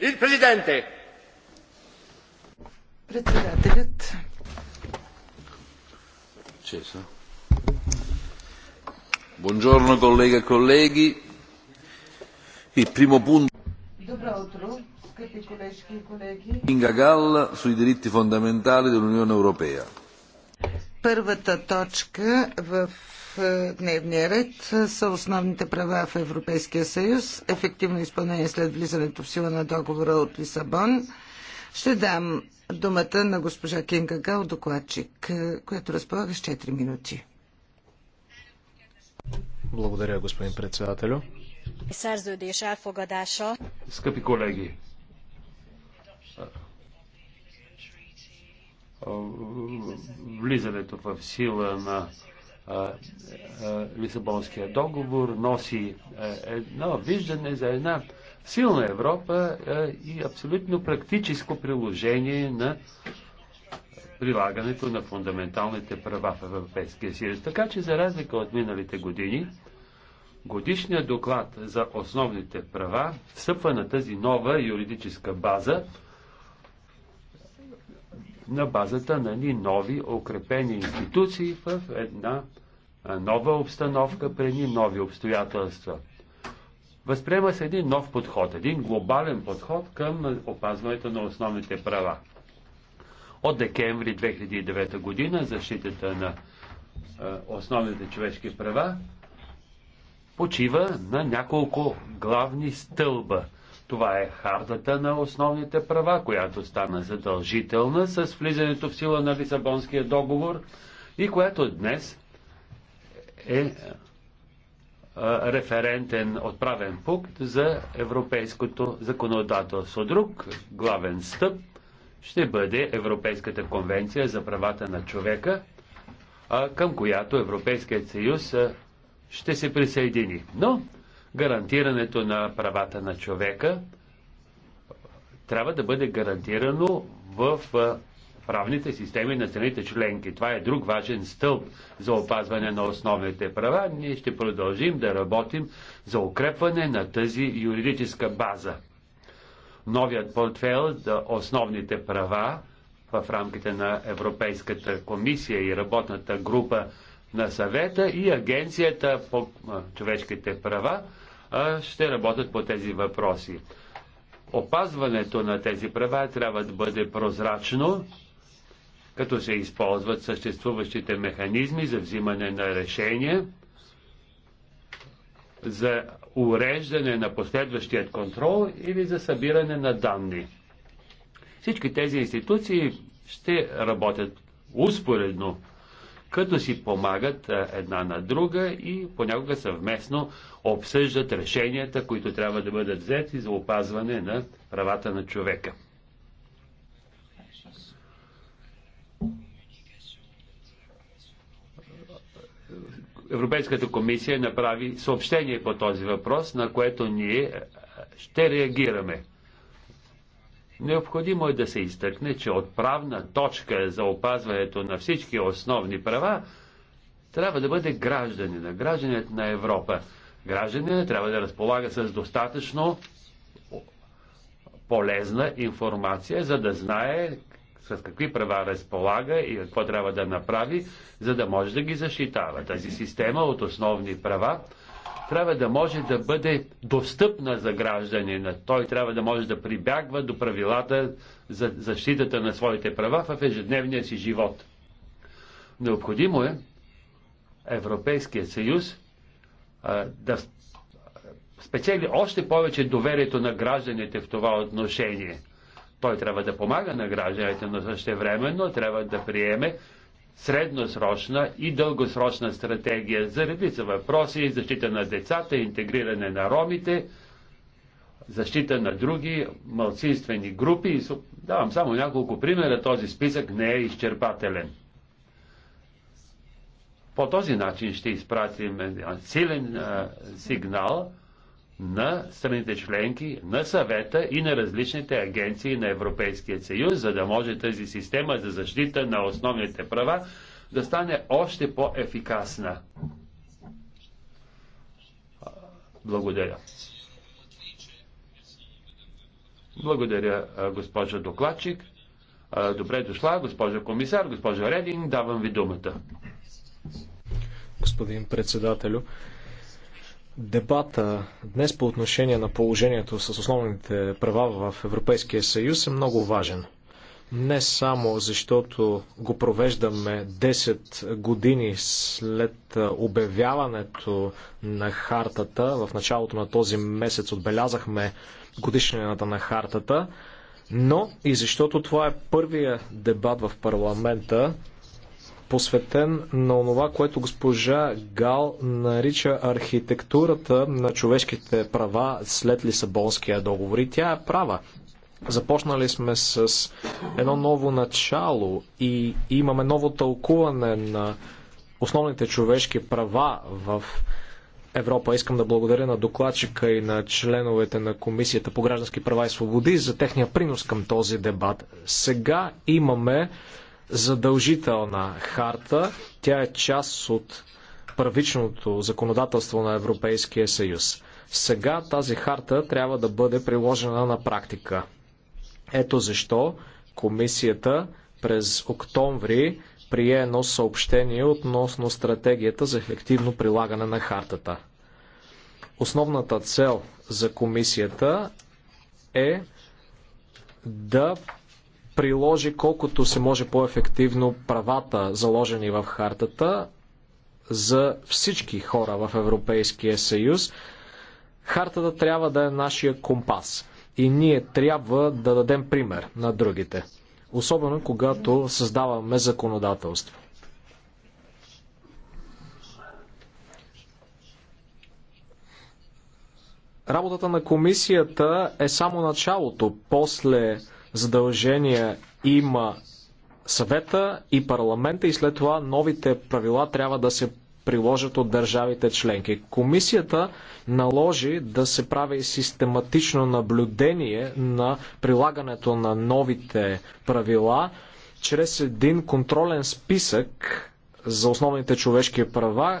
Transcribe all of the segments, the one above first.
Il Presidente. Председателят. Чеса. Buongiorno colleghe e colleghi. Il primo punto. Добро утро, sui diritti fondamentali dell'Unione Europea. Първата точка в е, дневния ред е, са основните права в Европейския съюз, ефективно изпълнение след влизането в сила на договора от Лисабон. Ще дам думата на госпожа Кинга Гал, докладчик, е, която разполага с 4 минути. Благодаря, господин председателю. Скъпи колеги, влизането в сила на Лисабонския договор, носи едно виждане за една силна Европа и абсолютно практическо приложение на прилагането на фундаменталните права в Европейския съюз. Така че за разлика от миналите години, годишният доклад за основните права встъпва на тази нова юридическа база, на базата на ни нови укрепени институции в една нова обстановка, при ни нови обстоятелства. Възприема се един нов подход, един глобален подход към опазването на основните права. От декември 2009 година защитата на основните човешки права почива на няколко главни стълба – това е хардата на основните права, която стана задължителна с влизането в сила на Лисабонския договор и която днес е, е референтен отправен пункт за европейското законодателство. Друг главен стъп ще бъде Европейската конвенция за правата на човека, към която Европейският съюз ще се присъедини. Но гарантирането на правата на човека трябва да бъде гарантирано в правните системи на страните членки. Това е друг важен стълб за опазване на основните права. Ние ще продължим да работим за укрепване на тази юридическа база. Новият портфел за основните права в рамките на Европейската комисия и работната група на съвета и Агенцията по човешките права ще работят по тези въпроси. Опазването на тези права трябва да бъде прозрачно, като се използват съществуващите механизми за взимане на решения, за уреждане на последващият контрол или за събиране на данни. Всички тези институции ще работят успоредно като си помагат една на друга и понякога съвместно обсъждат решенията, които трябва да бъдат взети за опазване на правата на човека. Европейската комисия направи съобщение по този въпрос, на което ние ще реагираме. Необходимо е да се изтъкне, че отправна точка за опазването на всички основни права трябва да бъде гражданина, гражданинът на Европа. Гражданинът трябва да разполага с достатъчно полезна информация, за да знае с какви права разполага и какво трябва да направи, за да може да ги защитава. Тази система от основни права трябва да може да бъде достъпна за гражданина. Той трябва да може да прибягва до правилата за защитата на своите права в ежедневния си живот. Необходимо е Европейския съюз а, да спечели още повече доверието на гражданите в това отношение. Той трябва да помага на гражданите, но същевременно трябва да приеме средносрочна и дългосрочна стратегия за редица въпроси, защита на децата, интегриране на ромите, защита на други малцинствени групи. Давам само няколко примера, този списък не е изчерпателен. По този начин ще изпратим силен сигнал на страните членки, на съвета и на различните агенции на Европейския съюз, за да може тази система за защита на основните права да стане още по-ефикасна. Благодаря. Благодаря, госпожа докладчик. Добре дошла, госпожа комисар, госпожа Редин. Давам ви думата. Господин председателю, дебата днес по отношение на положението с основните права в Европейския съюз е много важен. Не само защото го провеждаме 10 години след обявяването на хартата, в началото на този месец отбелязахме годишнината на хартата, но и защото това е първия дебат в парламента посветен на това, което госпожа Гал нарича архитектурата на човешките права след Лисабонския договор. И тя е права. Започнали сме с едно ново начало и имаме ново тълкуване на основните човешки права в Европа. Искам да благодаря на докладчика и на членовете на Комисията по граждански права и свободи за техния принос към този дебат. Сега имаме задължителна харта. Тя е част от първичното законодателство на Европейския съюз. Сега тази харта трябва да бъде приложена на практика. Ето защо комисията през октомври прие едно съобщение относно стратегията за ефективно прилагане на хартата. Основната цел за комисията е да приложи колкото се може по-ефективно правата, заложени в хартата, за всички хора в Европейския съюз. Хартата трябва да е нашия компас. И ние трябва да дадем пример на другите. Особено когато създаваме законодателство. Работата на комисията е само началото. После задължения има съвета и парламента и след това новите правила трябва да се приложат от държавите членки. Комисията наложи да се прави систематично наблюдение на прилагането на новите правила чрез един контролен списък за основните човешки права,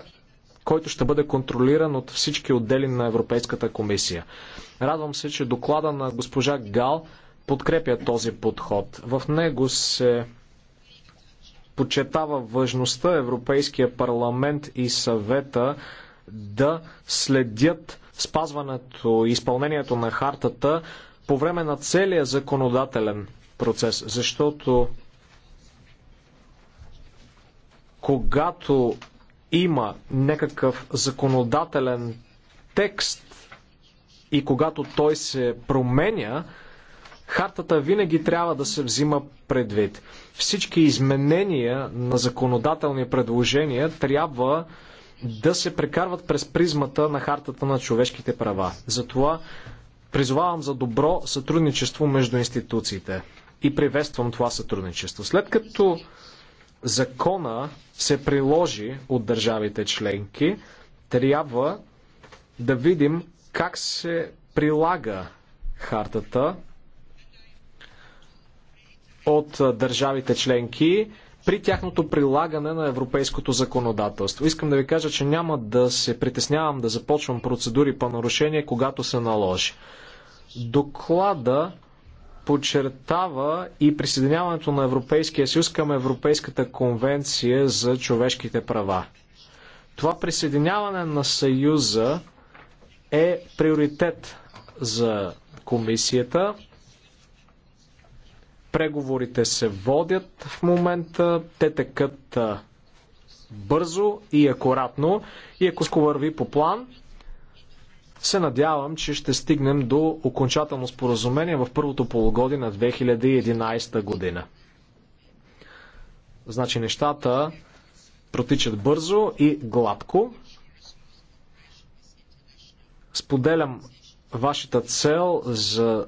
който ще бъде контролиран от всички отдели на Европейската комисия. Радвам се, че доклада на госпожа Гал подкрепя този подход. В него се почетава важността Европейския парламент и съвета да следят спазването и изпълнението на хартата по време на целия законодателен процес, защото когато има някакъв законодателен текст и когато той се променя, Хартата винаги трябва да се взима предвид. Всички изменения на законодателни предложения трябва да се прекарват през призмата на Хартата на човешките права. Затова призовавам за добро сътрудничество между институциите и приветствам това сътрудничество. След като закона се приложи от държавите членки, трябва да видим как се прилага хартата от държавите членки при тяхното прилагане на европейското законодателство. Искам да ви кажа, че няма да се притеснявам да започвам процедури по нарушение, когато се наложи. Доклада подчертава и присъединяването на Европейския съюз към Европейската конвенция за човешките права. Това присъединяване на Съюза е приоритет за комисията. Преговорите се водят в момента, те текат бързо и акуратно и ако ско върви по план, се надявам, че ще стигнем до окончателно споразумение в първото полугодие на 2011 година. Значи нещата протичат бързо и гладко. Споделям вашата цел за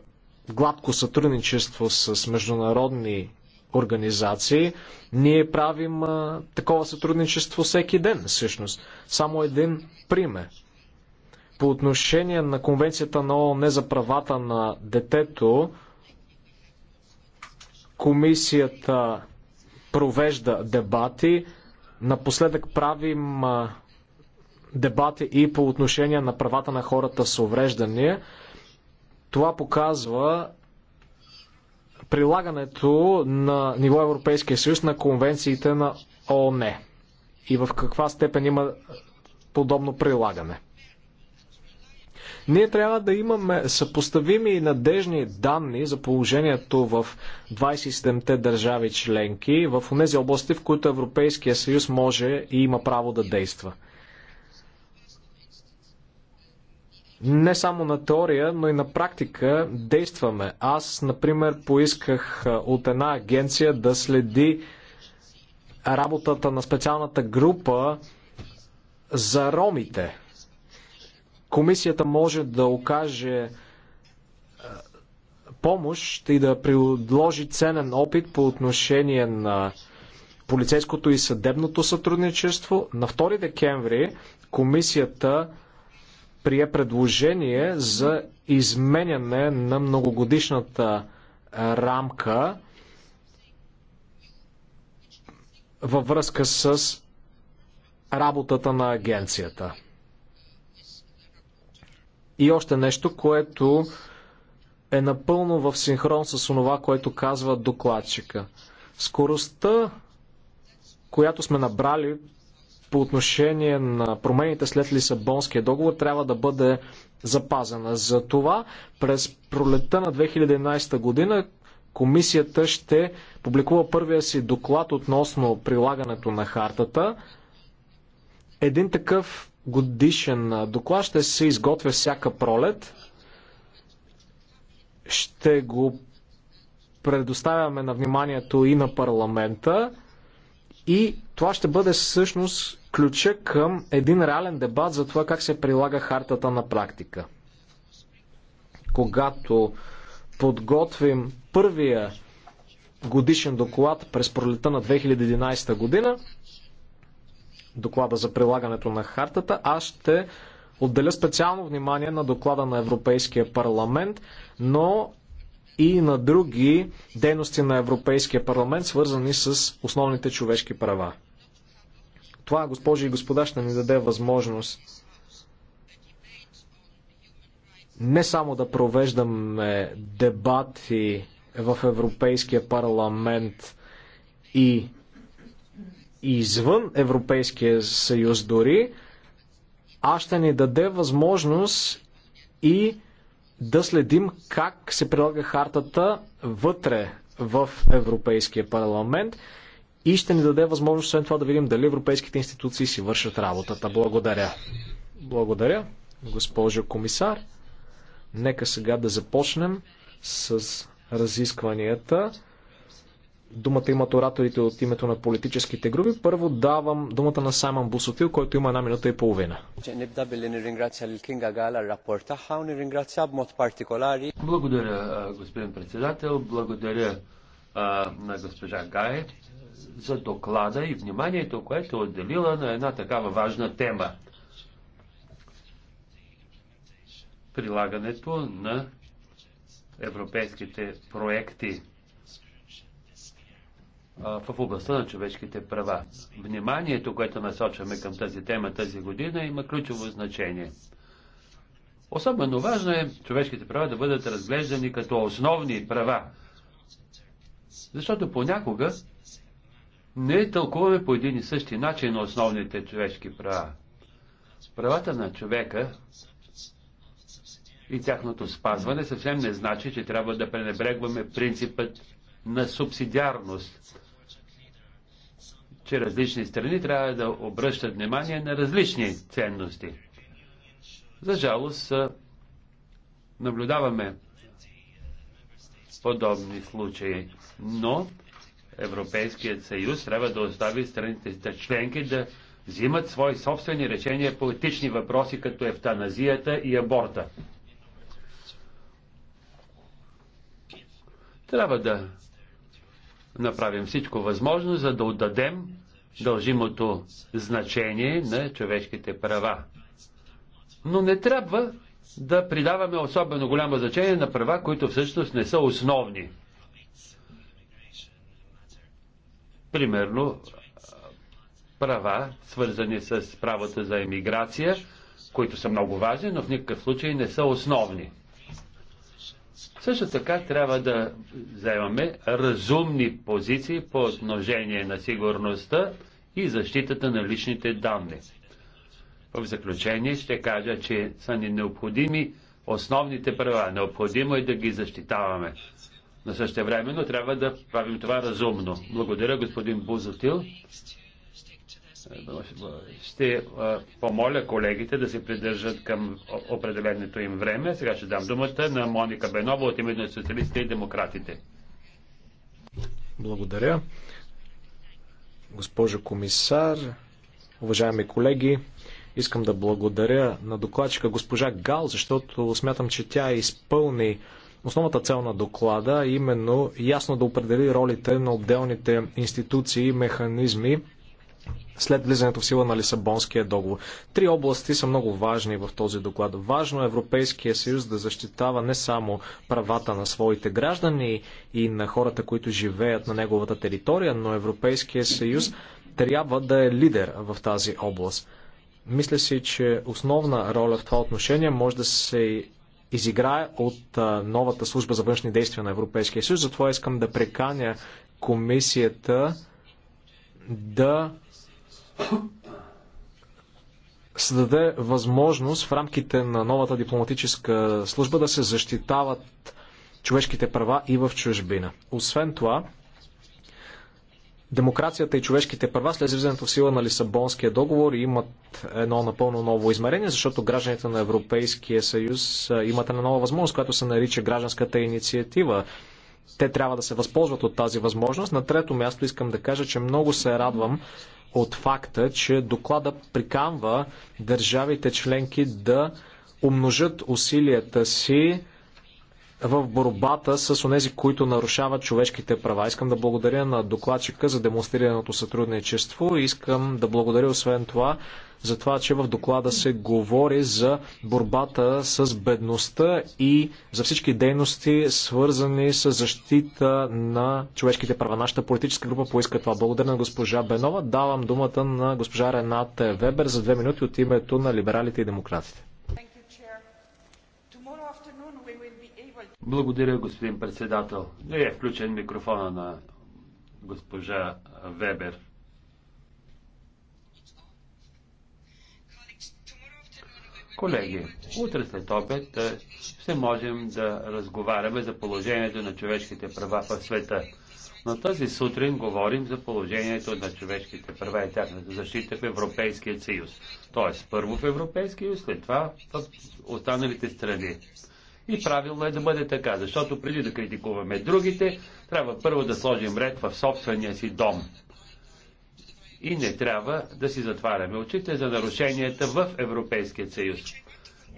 гладко сътрудничество с международни организации. Ние правим а, такова сътрудничество всеки ден, всъщност. Само един пример. По отношение на Конвенцията на ООН за правата на детето, комисията провежда дебати. Напоследък правим а, дебати и по отношение на правата на хората с увреждания. Това показва прилагането на ниво Европейския съюз на конвенциите на ООН и в каква степен има подобно прилагане. Ние трябва да имаме съпоставими и надежни данни за положението в 27-те държави членки в тези области, в които Европейския съюз може и има право да действа. не само на теория, но и на практика действаме. Аз, например, поисках от една агенция да следи работата на специалната група за ромите. Комисията може да окаже помощ и да предложи ценен опит по отношение на полицейското и съдебното сътрудничество. На 2 декември комисията прие предложение за изменяне на многогодишната рамка във връзка с работата на агенцията. И още нещо, което е напълно в синхрон с това, което казва докладчика. Скоростта, която сме набрали по отношение на промените след Лисабонския договор трябва да бъде запазена. За това през пролета на 2011 година комисията ще публикува първия си доклад относно прилагането на хартата. Един такъв годишен доклад ще се изготвя всяка пролет. Ще го предоставяме на вниманието и на парламента. И това ще бъде всъщност ключа към един реален дебат за това как се прилага хартата на практика. Когато подготвим първия годишен доклад през пролета на 2011 година, доклада за прилагането на хартата, аз ще отделя специално внимание на доклада на Европейския парламент, но и на други дейности на Европейския парламент, свързани с основните човешки права. Това, госпожи и господа, ще ни даде възможност не само да провеждаме дебати в Европейския парламент и извън Европейския съюз дори, а ще ни даде възможност и да следим как се прилага хартата вътре в Европейския парламент и ще ни даде възможност, освен това, да видим дали европейските институции си вършат работата. Благодаря. Благодаря, госпожо комисар. Нека сега да започнем с разискванията. Думата имат ораторите от името на политическите групи. Първо давам думата на Саймън Бусотил, който има една минута и половина. Благодаря, господин председател. Благодаря на госпожа Гай за доклада и вниманието, което е отделила на една такава важна тема. Прилагането на европейските проекти в областта на човешките права. Вниманието, което насочваме към тази тема тази година, има ключово значение. Особено важно е човешките права да бъдат разглеждани като основни права, защото понякога не тълкуваме по един и същи начин на основните човешки права. Правата на човека и тяхното спазване съвсем не значи, че трябва да пренебрегваме принципът на субсидиарност, че различни страни трябва да обръщат внимание на различни ценности. За жалост, наблюдаваме подобни случаи, но Европейският съюз трябва да остави страните членки да взимат свои собствени решения по етични въпроси, като евтаназията и аборта. Трябва да направим всичко възможно, за да отдадем дължимото значение на човешките права. Но не трябва да придаваме особено голямо значение на права, които всъщност не са основни. Примерно, права, свързани с правото за емиграция, които са много важни, но в никакъв случай не са основни. Също така трябва да вземаме разумни позиции по отношение на сигурността и защитата на личните данни. В заключение ще кажа, че са ни необходими основните права. Необходимо е да ги защитаваме. Но също но трябва да правим това разумно. Благодаря, господин Бузотил. Ще помоля колегите да се придържат към определеното им време. Сега ще дам думата на Моника Бенова от името на социалистите и демократите. Благодаря. Госпожо комисар, уважаеми колеги, искам да благодаря на докладчика госпожа Гал, защото смятам, че тя изпълни основната цел на доклада, е именно ясно да определи ролите на отделните институции и механизми след влизането в сила на Лисабонския договор. Три области са много важни в този доклад. Важно е Европейския съюз да защитава не само правата на своите граждани и на хората, които живеят на неговата територия, но Европейския съюз трябва да е лидер в тази област. Мисля си, че основна роля в това отношение може да се изиграе от новата служба за външни действия на Европейския съюз. Затова искам да преканя комисията да създаде възможност в рамките на новата дипломатическа служба да се защитават човешките права и в чужбина. Освен това, демокрацията и човешките права след влизането в сила на Лисабонския договор имат едно напълно ново измерение, защото гражданите на Европейския съюз имат една нова възможност, която се нарича гражданската инициатива. Те трябва да се възползват от тази възможност. На трето място искам да кажа, че много се радвам от факта, че доклада приканва държавите членки да умножат усилията си в борбата с онези, които нарушават човешките права. Искам да благодаря на докладчика за демонстрираното сътрудничество и искам да благодаря освен това за това, че в доклада се говори за борбата с бедността и за всички дейности, свързани с защита на човешките права. Нашата политическа група поиска това. Благодаря на госпожа Бенова. Давам думата на госпожа Рената Вебер за две минути от името на либералите и демократите. Благодаря, господин председател. Не е включен микрофона на госпожа Вебер. Колеги, утре след обед е, ще можем да разговаряме за положението на човешките права в света. Но тази сутрин говорим за положението на човешките права и тяхната защита в Европейския съюз. Тоест, първо в Европейския съюз, след това в останалите страни. И правилно е да бъде така, защото преди да критикуваме другите, трябва първо да сложим ред в собствения си дом. И не трябва да си затваряме очите за нарушенията в Европейския съюз.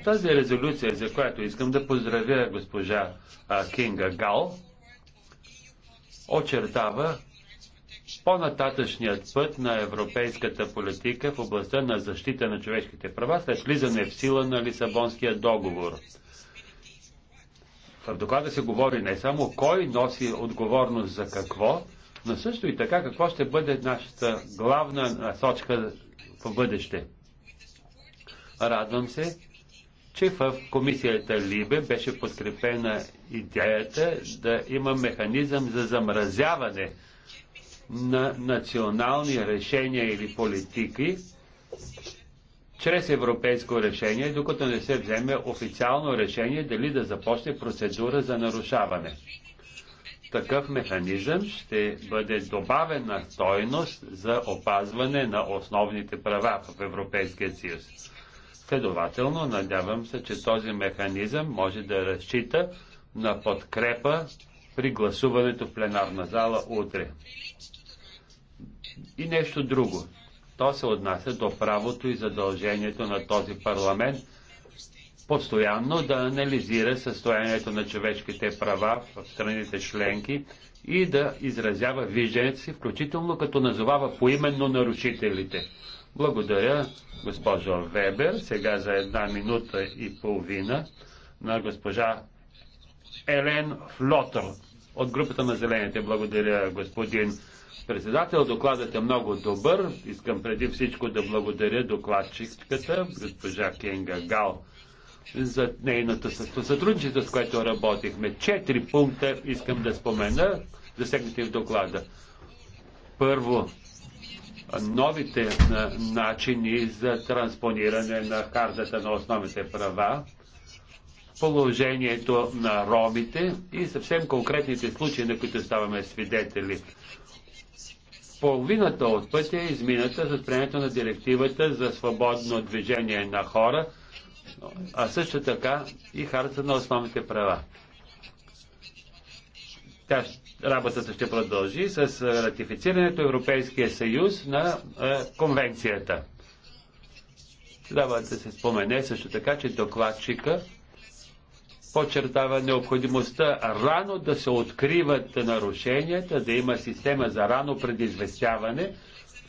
Тази резолюция, за която искам да поздравя госпожа а, Кинга Гал, очертава по-нататъчният път на европейската политика в областта на защита на човешките права след влизане в сила на Лисабонския договор – в доклада се говори не само кой носи отговорност за какво, но също и така какво ще бъде нашата главна насочка в бъдеще. Радвам се, че в комисията Либе беше подкрепена идеята да има механизъм за замразяване на национални решения или политики, чрез европейско решение, докато не се вземе официално решение дали да започне процедура за нарушаване. Такъв механизъм ще бъде добавена стойност за опазване на основните права в Европейския съюз. Следователно, надявам се, че този механизъм може да разчита на подкрепа при гласуването в пленарна зала утре. И нещо друго. То се отнася до правото и задължението на този парламент постоянно да анализира състоянието на човешките права в страните членки и да изразява виждането си, включително като назовава поименно нарушителите. Благодаря, госпожо Вебер. Сега за една минута и половина на госпожа Елен Флотър от групата на Зелените. Благодаря, господин председател. Докладът е много добър. Искам преди всичко да благодаря докладчиката, госпожа Кенга Гал, за нейното сътрудничество, с което работихме. Четири пункта искам да спомена, засегнати в доклада. Първо, новите начини за транспониране на картата на основните права, положението на ромите и съвсем конкретните случаи, на които ставаме свидетели половината от пътя е измината с приемането на директивата за свободно движение на хора, а също така и харта на основните права. Тя, работата ще продължи с ратифицирането Европейския съюз на е, конвенцията. Трябва да се спомене също така, че докладчика подчертава необходимостта рано да се откриват нарушенията, да има система за рано предизвестяване,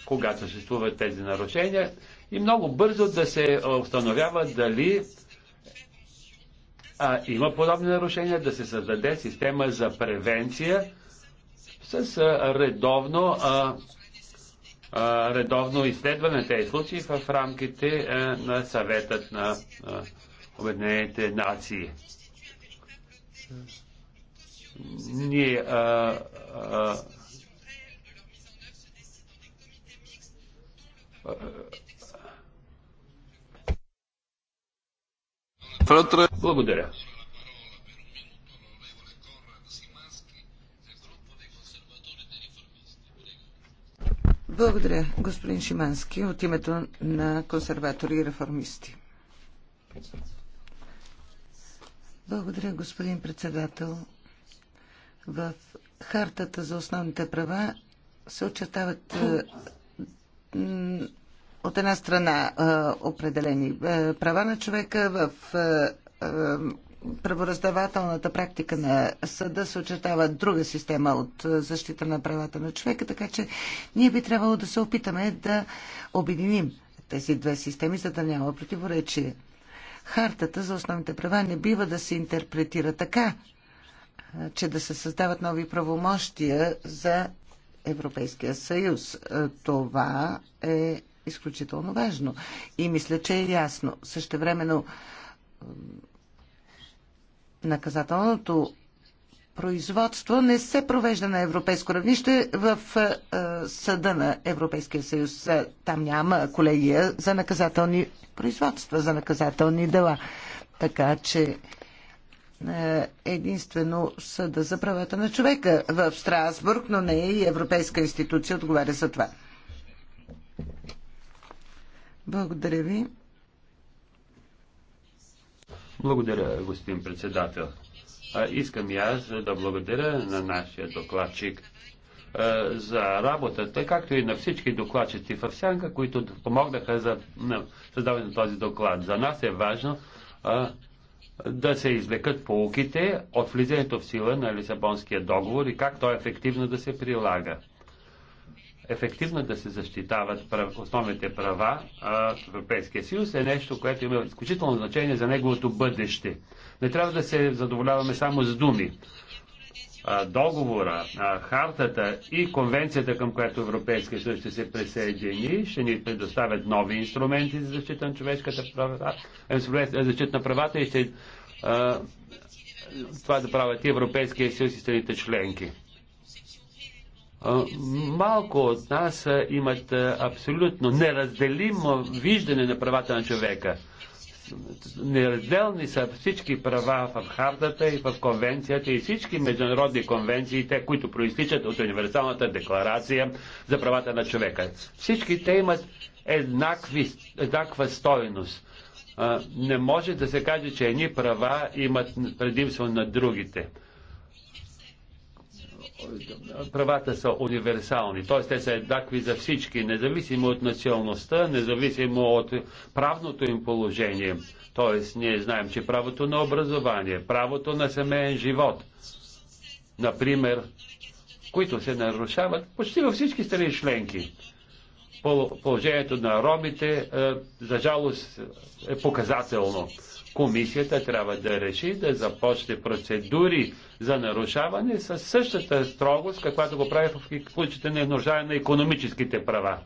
когато съществуват тези нарушения, и много бързо да се е, установява дали а, има подобни нарушения, да се създаде система за превенция с а, редовно, а, а, редовно изследване на тези случаи в рамките а, е, на съветът на а, е, Обединените нации ние а, а, а, благодаря. Благодаря, господин Шимански, от името на консерватори и реформисти. Благодаря, господин председател. В Хартата за основните права се очертават е, от една страна е, определени е, права на човека в правораздавателната практика на съда се очертава друга система от защита на правата на човека, така че ние би трябвало да се опитаме да обединим тези две системи, за да няма противоречие хартата за основните права не бива да се интерпретира така, че да се създават нови правомощия за Европейския съюз. Това е изключително важно. И мисля, че е ясно. Същевременно наказателното производство не се провежда на европейско равнище в е, е, съда на Европейския съюз. Е, там няма колегия за наказателни производства, за наказателни дела. Така че единствено съда за правата на човека в Страсбург, но не е и Европейска институция отговаря за това. Благодаря ви. Благодаря, господин председател искам и аз да благодаря на нашия докладчик за работата, както и на всички докладчици в Сянка, които помогнаха за създаване на този доклад. За нас е важно да се извлекат полуките от влизането в сила на Лисабонския договор и как той ефективно да се прилага ефективно да се защитават прав, основните права а, в Европейския съюз е нещо, което има изключително значение за неговото бъдеще. Не трябва да се задоволяваме само с думи. А, договора, а, хартата и конвенцията, към която Европейския съюз ще се присъедини, ще ни предоставят нови инструменти за защита на човешката права, за е, е, защита на правата и ще а, това да правят и Европейския съюз и страните членки. Малко от нас имат абсолютно неразделимо виждане на правата на човека. Неразделни са всички права в хардата и в конвенцията и всички международни конвенции, те, които проистичат от Универсалната декларация за правата на човека. Всички те имат еднакви, еднаква стойност. Не може да се каже, че едни права имат предимство на другите правата са универсални, т.е. те са еднакви за всички, независимо от националността, независимо от правното им положение. Т.е. ние знаем, че правото на образование, правото на семейен живот, например, които се нарушават почти във всички страни членки. Положението на ромите, е, за жалост, е показателно комисията трябва да реши да започне процедури за нарушаване със същата строгост, каквато го прави в случаите на нуждае на економическите права.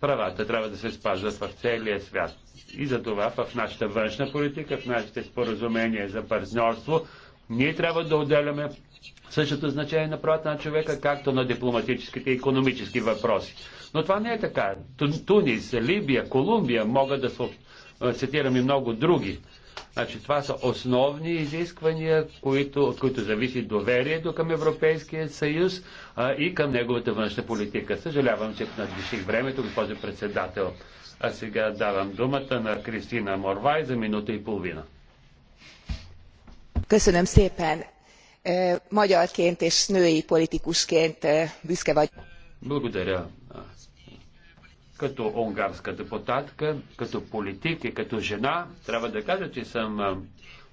Правата трябва да се спазват в целия свят. И за това в нашата външна политика, в нашите споразумения за партньорство, ние трябва да отделяме същото значение на правата на човека, както на дипломатическите и економически въпроси. Но това не е така. Тунис, Либия, Колумбия могат да се. Е, цитирам и много други. Значи, това са основни изисквания, които, от които зависи доверието към Европейския съюз а, и към неговата външна политика. Съжалявам, че надвиших времето, госпожо председател. А сега давам думата на Кристина Морвай за минута и половина. Köszönöm szépen. Е, magyarként és női politikusként е, büszke vagy. Благодаря, като унгарска депутатка, като политик и като жена, трябва да кажа, че съм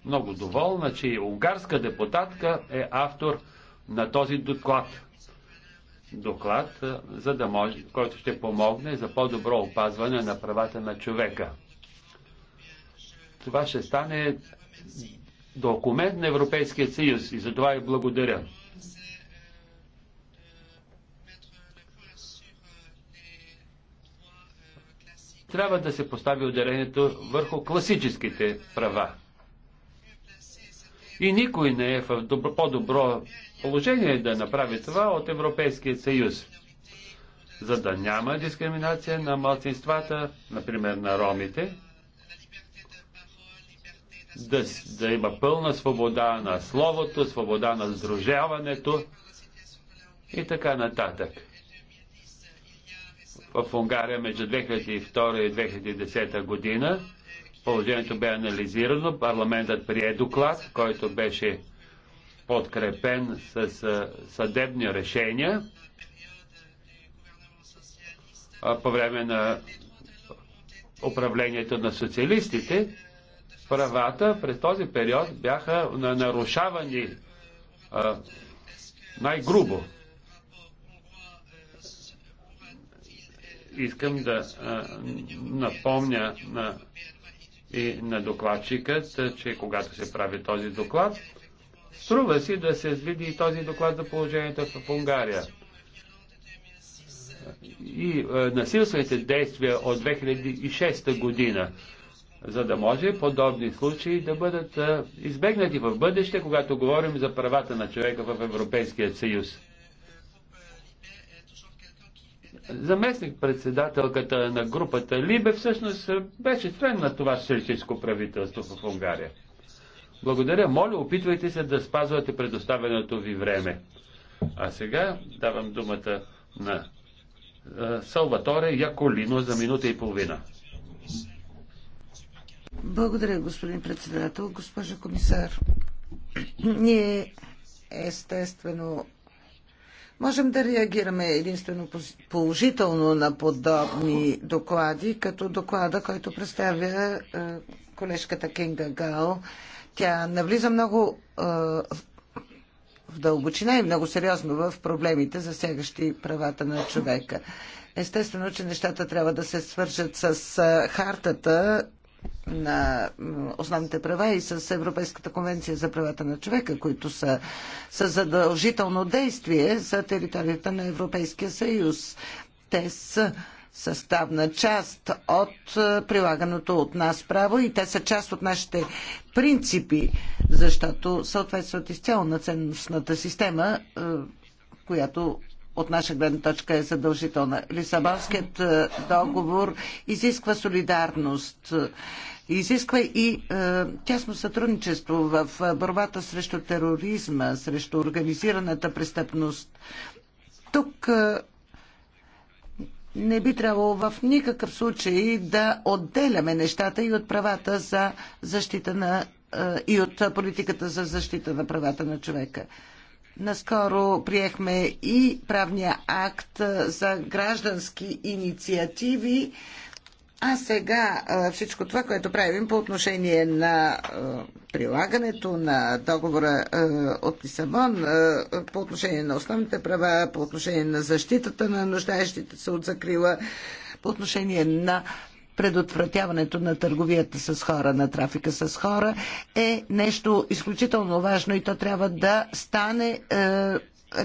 много доволна, че унгарска депутатка е автор на този доклад. Доклад, за да може, който ще помогне за по-добро опазване на правата на човека. Това ще стане документ на Европейския съюз и за това и благодаря. трябва да се постави ударението върху класическите права. И никой не е в по-добро положение да направи това от Европейския съюз. За да няма дискриминация на малцинствата, например на ромите, да, да има пълна свобода на словото, свобода на сдружаването и така нататък в Унгария между 2002 и 2010 година. Положението бе анализирано, парламентът прие доклад, който беше подкрепен с съдебни решения по време на управлението на социалистите, правата през този период бяха нарушавани най-грубо. искам да напомня на, и на докладчикът, че когато се прави този доклад, струва си да се види и този доклад за положението в Унгария. И насилствените действия от 2006 година за да може подобни случаи да бъдат избегнати в бъдеще, когато говорим за правата на човека в Европейския съюз заместник-председателката на групата Либе всъщност е, беше член на това социалистическо правителство в Унгария. Благодаря. Моля, опитвайте се да спазвате предоставеното ви време. А сега давам думата на е, Салваторе Яколино за минута и половина. Благодаря, господин председател. Госпожа комисар, ние естествено Можем да реагираме единствено положително на подобни доклади, като доклада, който представя е, колежката Кинга Гал. Тя навлиза много е, в дълбочина и много сериозно в проблемите, засягащи правата на човека. Естествено, че нещата трябва да се свържат с е, хартата на основните права и с Европейската конвенция за правата на човека, които са с задължително действие за територията на Европейския съюз. Те са съставна част от е, прилаганото от нас право и те са част от нашите принципи, защото съответстват изцяло на ценностната система, е, която от наша гледна точка е задължителна. Лисабонският е, договор изисква солидарност е, изисква и е, тясно сътрудничество в е, борбата срещу тероризма, срещу организираната престъпност. Тук е, не би трябвало в никакъв случай да отделяме нещата и от правата за защита на и от политиката за защита на правата на човека. Наскоро приехме и правния акт за граждански инициативи. А сега всичко това, което правим по отношение на прилагането на договора от Лисабон, по отношение на основните права, по отношение на защитата на нуждаещите се от закрила, по отношение на предотвратяването на търговията с хора, на трафика с хора е нещо изключително важно и то трябва да стане е,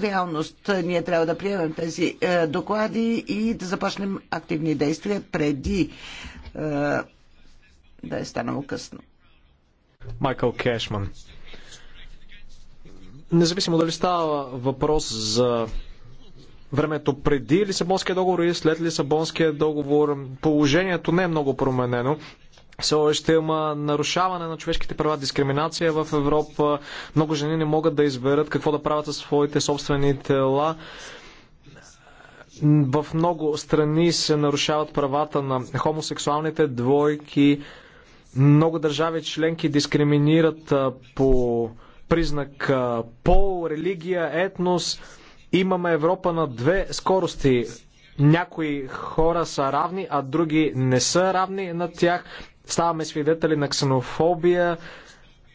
реалност. Ние трябва да приемем тези е, доклади и да започнем активни действия преди е, да е станало късно. Майкъл Кешман. Независимо дали става въпрос за времето преди Лисабонския договор и след Лисабонския договор. Положението не е много променено. Все още има нарушаване на човешките права, дискриминация в Европа. Много жени не могат да изберат какво да правят със своите собствени тела. В много страни се нарушават правата на хомосексуалните двойки. Много държави членки дискриминират по признак пол, религия, етнос. Имаме Европа на две скорости. Някои хора са равни, а други не са равни на тях. Ставаме свидетели на ксенофобия,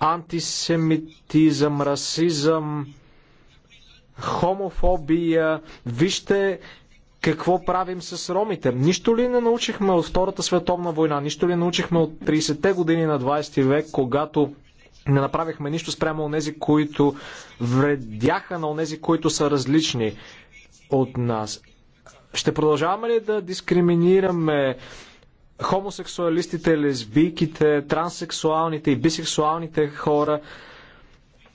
антисемитизъм, расизъм, хомофобия. Вижте какво правим с ромите. Нищо ли не научихме от Втората световна война? Нищо ли научихме от 30-те години на 20 век, когато не направихме нищо спрямо онези, които вредяха на онези, които са различни от нас. Ще продължаваме ли да дискриминираме хомосексуалистите, лесбийките, транссексуалните и бисексуалните хора,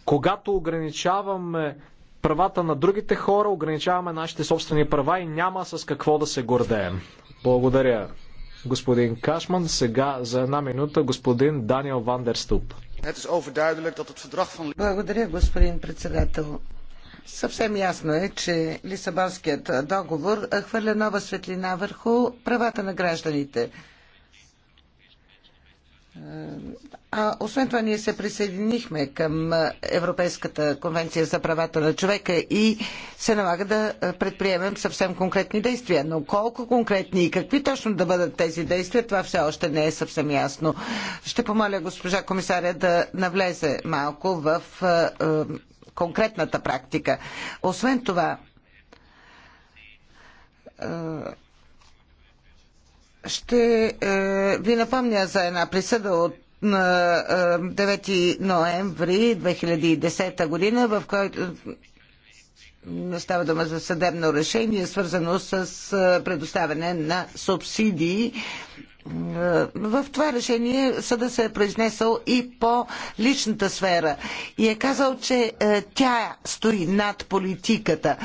когато ограничаваме правата на другите хора, ограничаваме нашите собствени права и няма с какво да се гордеем. Благодаря, господин Кашман. Сега за една минута господин Даниел Вандерступ. Благодаря, господин председател. Съвсем ясно е, че Лисабонският договор хвърля нова светлина върху правата на гражданите. А освен това ние се присъединихме към Европейската конвенция за правата на човека и се налага да предприемем съвсем конкретни действия. Но колко конкретни и какви точно да бъдат тези действия, това все още не е съвсем ясно. Ще помоля госпожа комисаря да навлезе малко в конкретната практика. Освен това, ще е, ви напомня за една присъда от на 9 е, ноември 2010 година, в който става дума за съдебно решение, свързано с е, предоставяне на субсидии в това решение съда се е произнесъл и по личната сфера и е казал, че е, тя стои над политиката,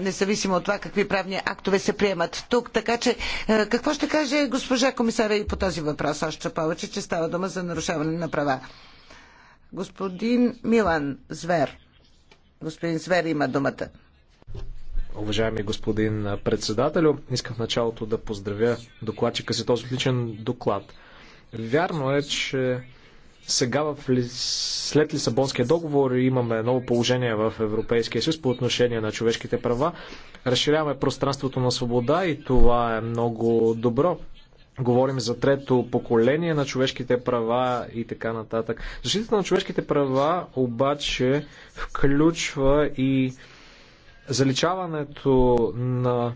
независимо от това какви правни актове се приемат тук. Така че е, какво ще каже госпожа комисаря и по този въпрос, още повече, че става дума за нарушаване на права? Господин Милан Звер. Господин Звер има думата уважаеми господин председател, Искам в началото да поздравя докладчика си този отличен доклад. Вярно е, че сега в, след Лисабонския договор имаме ново положение в Европейския съюз по отношение на човешките права. Разширяваме пространството на свобода и това е много добро. Говорим за трето поколение на човешките права и така нататък. Защитата на човешките права обаче включва и заличаването на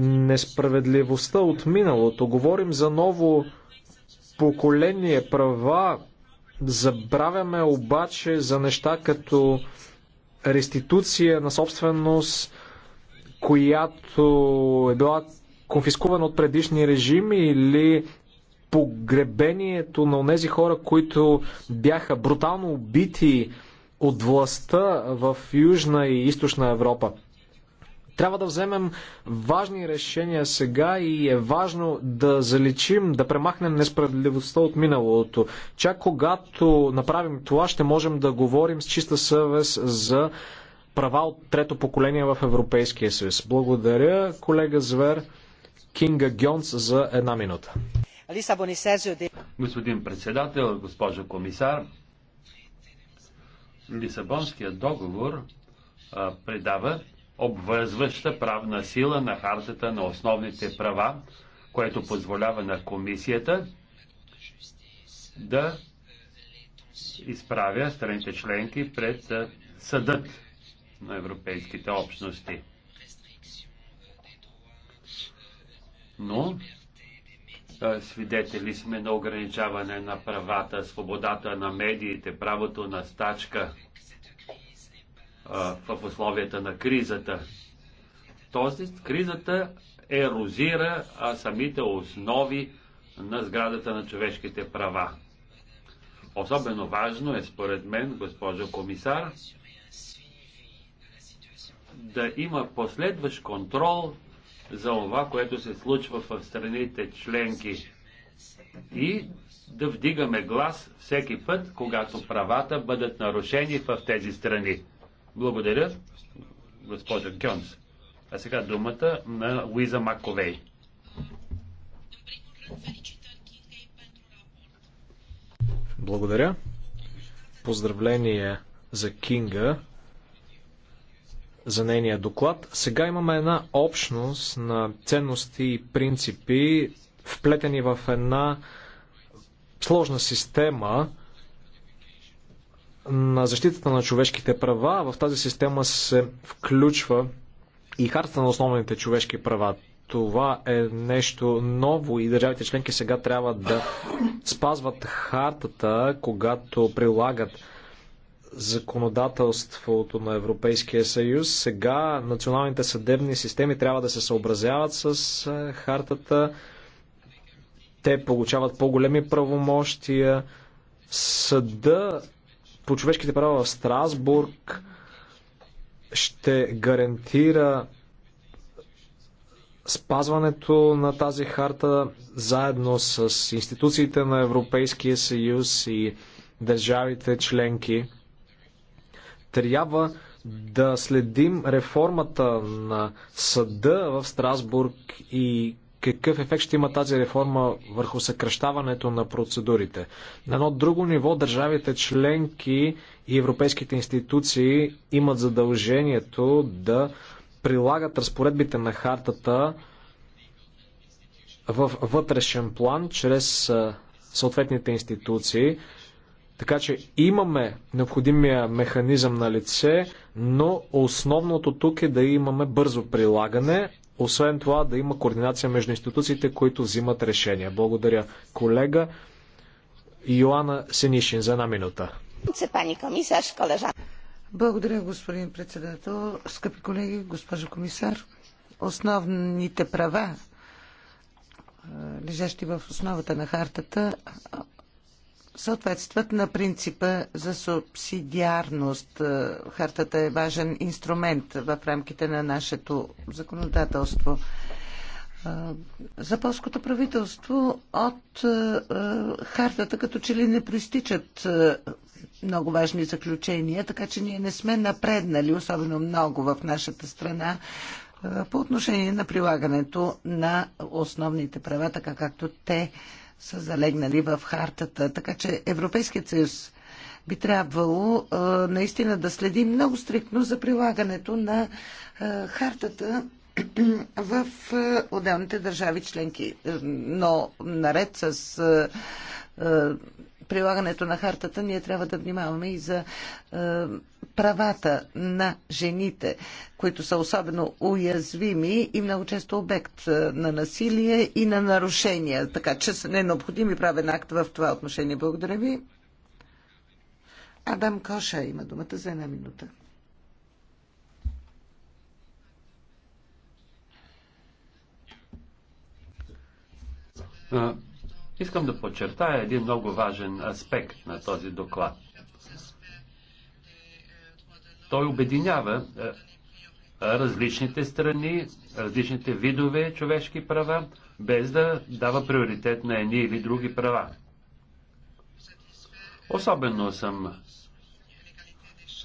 несправедливостта от миналото. Говорим за ново поколение права, забравяме обаче за неща като реституция на собственост, която е била конфискувана от предишни режими или погребението на тези хора, които бяха брутално убити от властта в Южна и Източна Европа. Трябва да вземем важни решения сега и е важно да заличим, да премахнем несправедливостта от миналото. Чак когато направим това, ще можем да говорим с чиста съвест за права от трето поколение в Европейския съюз. Благодаря, колега Звер. Кинга Гьонс за една минута. Господин председател, госпожо комисар, Лисабонският договор а, предава обвързваща правна сила на хартата на основните права, което позволява на комисията да изправя страните членки пред съдът на европейските общности. Но свидетели сме на ограничаване на правата, свободата на медиите, правото на стачка, в условията на кризата. Тоест, кризата ерозира самите основи на сградата на човешките права. Особено важно е, според мен, госпожо комисар, да има последващ контрол за това, което се случва в страните членки и да вдигаме глас всеки път, когато правата бъдат нарушени в тези страни. Благодаря, госпожа Кьонс. А сега думата на Луиза Маковей. Благодаря. Поздравление за Кинга, за нейния доклад. Сега имаме една общност на ценности и принципи, вплетени в една сложна система, на защитата на човешките права в тази система се включва и хартата на основните човешки права. Това е нещо ново и държавите членки сега трябва да спазват хартата, когато прилагат законодателството на Европейския съюз. Сега националните съдебни системи трябва да се съобразяват с хартата. Те получават по-големи правомощия. Съда по човешките права в Страсбург ще гарантира спазването на тази харта заедно с институциите на Европейския съюз и държавите членки. Трябва да следим реформата на съда в Страсбург и какъв ефект ще има тази реформа върху съкръщаването на процедурите. На едно друго ниво държавите членки и европейските институции имат задължението да прилагат разпоредбите на хартата в вътрешен план, чрез съответните институции. Така че имаме необходимия механизъм на лице, но основното тук е да имаме бързо прилагане, освен това, да има координация между институциите, които взимат решения. Благодаря, колега. Йоанна Сенишин за една минута. Благодаря, господин председател. Скъпи колеги, госпожо комисар, основните права, лежащи в основата на хартата, съответстват на принципа за субсидиарност. Е, хартата е важен инструмент в рамките на нашето законодателство. Е, за полското правителство от е, хартата като че ли не проистичат много важни заключения, така че ние не сме напреднали особено много в нашата страна по отношение на прилагането на основните права, така както те са залегнали в хартата. Така че Европейският съюз би трябвало а, наистина да следи много стриктно за прилагането на а, хартата в а, отделните държави членки. Е, но наред с а, а, прилагането на хартата ние трябва да внимаваме и за е, правата на жените, които са особено уязвими и много често обект е, на насилие и на нарушения. Така че са необходими необходим и правен акт в това отношение. Благодаря ви. Адам Коша има думата за една минута. Искам да подчертая един много важен аспект на този доклад. Той обединява е, различните страни, различните видове човешки права, без да дава приоритет на едни или други права. Особено съм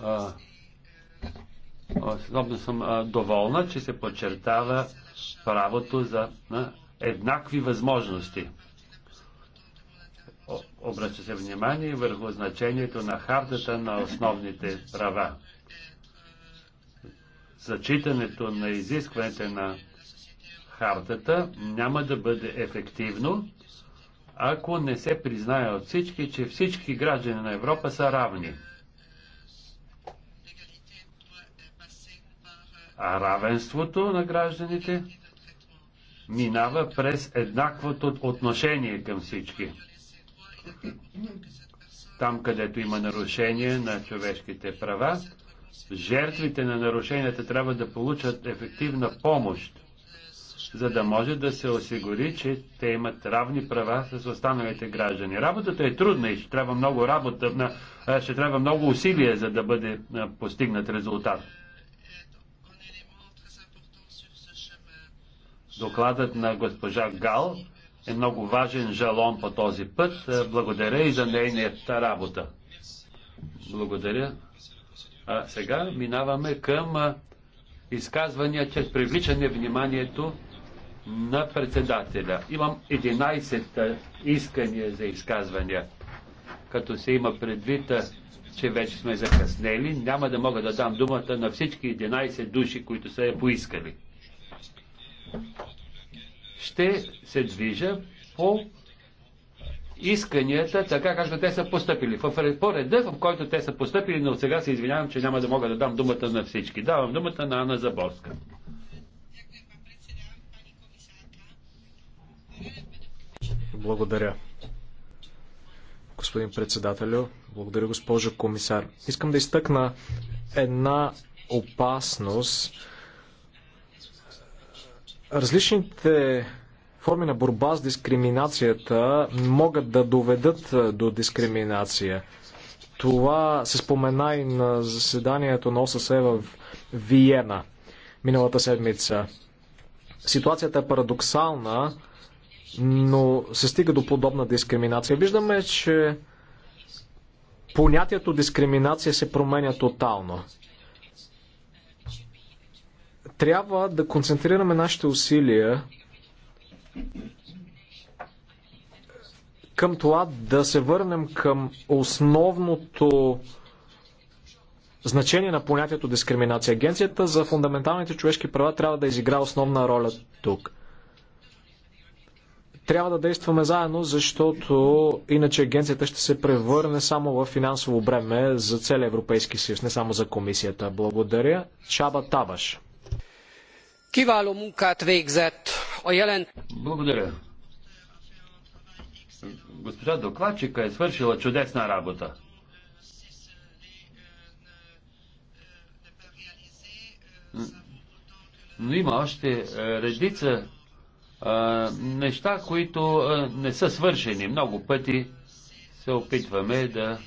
а, особено съм а, доволна, че се подчертава правото за на еднакви възможности. Обръща се внимание върху значението на хартата на основните права. Зачитането на изискването на хартата няма да бъде ефективно, ако не се признае от всички, че всички граждани на Европа са равни. А равенството на гражданите минава през еднаквото отношение към всички. Там, където има нарушение на човешките права, жертвите на нарушенията трябва да получат ефективна помощ, за да може да се осигури, че те имат равни права с останалите граждани. Работата е трудна и ще трябва много работа, ще трябва много усилия, за да бъде постигнат резултат. Докладът на госпожа Гал е много важен жалон по този път. Е, благодаря и за нейната работа. Благодаря. А сега минаваме към изказвания чрез привличане вниманието на председателя. Имам 11 искания за изказвания. Като се има предвид, че вече сме закъснели, няма да мога да дам думата на всички 11 души, които са я поискали ще се движа по исканията, така както те са поступили. В, по реда, в който те са поступили, но сега се извинявам, че няма да мога да дам думата на всички. Давам думата на Анна Заборска. Благодаря. Господин председателю, благодаря госпожо комисар. Искам да изтъкна една опасност, Различните форми на борба с дискриминацията могат да доведат до дискриминация. Това се спомена и на заседанието на ОССЕ в Виена миналата седмица. Ситуацията е парадоксална, но се стига до подобна дискриминация. Виждаме, че понятието дискриминация се променя тотално. Трябва да концентрираме нашите усилия към това да се върнем към основното значение на понятието дискриминация. Агенцията за фундаменталните човешки права трябва да изигра основна роля тук. Трябва да действаме заедно, защото иначе агенцията ще се превърне само в финансово бреме за целия Европейски съюз, не само за комисията. Благодаря. Чаба Табаш. Kiváló munkát végzett a jelent... Благодаря. Госпожа докладчика е свършила чудесна работа. Но има още е, редица е, неща, които е, не са свършени. Много пъти се опитваме да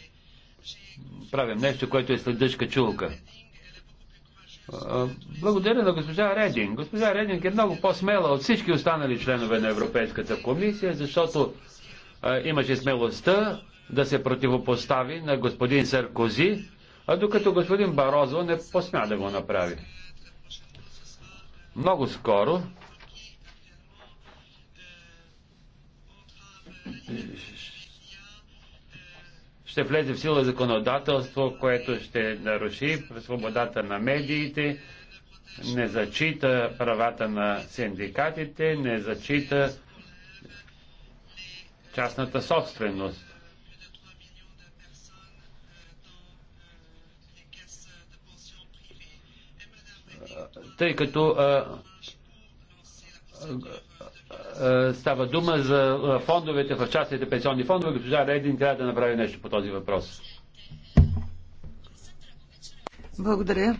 правим нещо, което е след дъжка чулка. Благодаря на госпожа Рединг. Госпожа Рединг е много по-смела от всички останали членове на Европейската комисия, защото а, имаше смелостта да се противопостави на господин Саркози, а докато господин Барозо не посмя да го направи. Много скоро ще влезе в сила законодателство, което ще наруши свободата на медиите, не зачита правата на синдикатите, не зачита частната собственост. Тъй като а, е, става дума за е, фондовете в частните пенсионни фондове. Госпожа Рейдин трябва да направи нещо по този въпрос. Благодаря.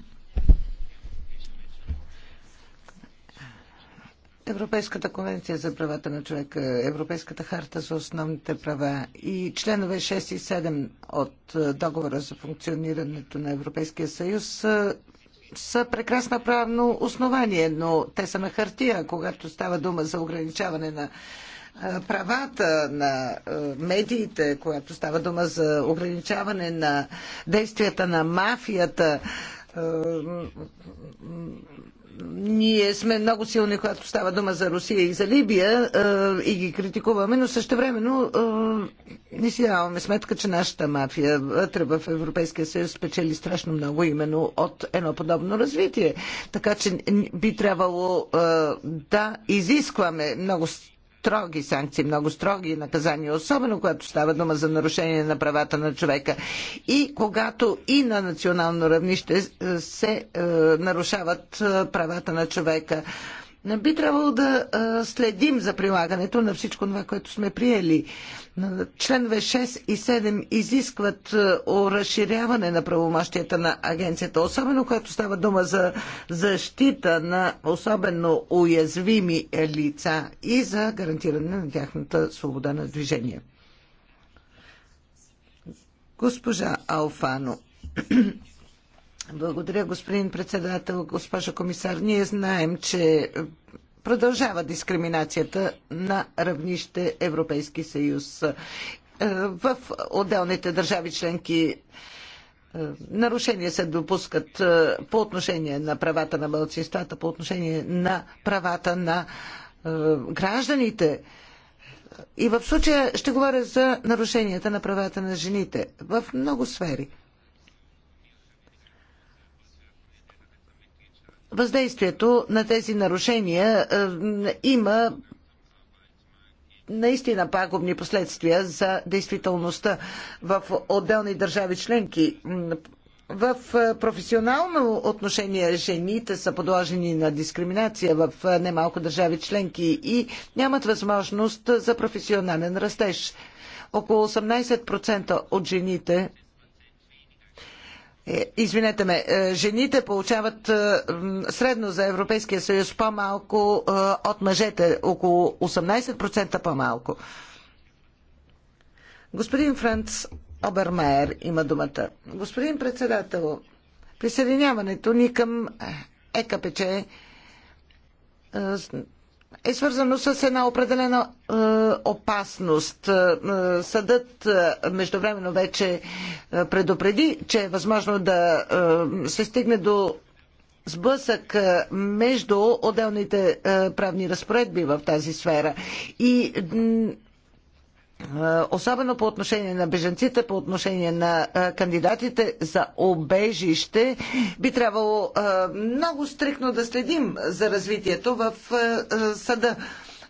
Европейската конвенция за правата на човека, Европейската харта за основните права и членове 6 и 7 от договора за функционирането на Европейския съюз са прекрасно правно основание, но те са на хартия, когато става дума за ограничаване на правата на медиите, когато става дума за ограничаване на действията на мафията, ние сме много силни, когато става дума за Русия и за Либия и ги критикуваме, но също времено не си даваме сметка, че нашата мафия вътре в Европейския съюз печели страшно много именно от едно подобно развитие. Така че би трябвало да изискваме много строги санкции, много строги наказания, особено когато става дума за нарушение на правата на човека и когато и на национално равнище се е, нарушават е, правата на човека. Не би трябвало да следим за прилагането на всичко това, което сме приели. Членове 6 и 7 изискват разширяване на правомощията на агенцията, особено когато става дума за защита на особено уязвими лица и за гарантиране на тяхната свобода на движение. Госпожа Алфано, благодаря, господин председател, госпожа комисар. Ние знаем, че продължава дискриминацията на равнище Европейски съюз. Е, в отделните държави членки е, нарушения се допускат е, по отношение на правата на младсинствата, по отношение на правата на гражданите. И в случая ще говоря за нарушенията на правата на жените в много сфери. въздействието на тези нарушения е, има наистина пагубни последствия за действителността в отделни държави членки. В е, професионално отношение жените са подложени на дискриминация в е, немалко държави членки и нямат възможност за професионален растеж. Около 18% от жените е, извинете ме, е, жените получават е, средно за Европейския съюз по-малко от мъжете, около 18% по-малко. Господин Франц Обермайер има думата. Господин председател, присъединяването ни към ЕКПЧ е свързано с една определена е, опасност. Е, е, съдът е, междувременно вече предупреди, че е възможно да е, се стигне до сблъсък между отделните правни разпоредби в тази сфера. И е, особено по отношение на беженците, по отношение на е, кандидатите за обежище, би трябвало е, много стрикно да следим за развитието в съда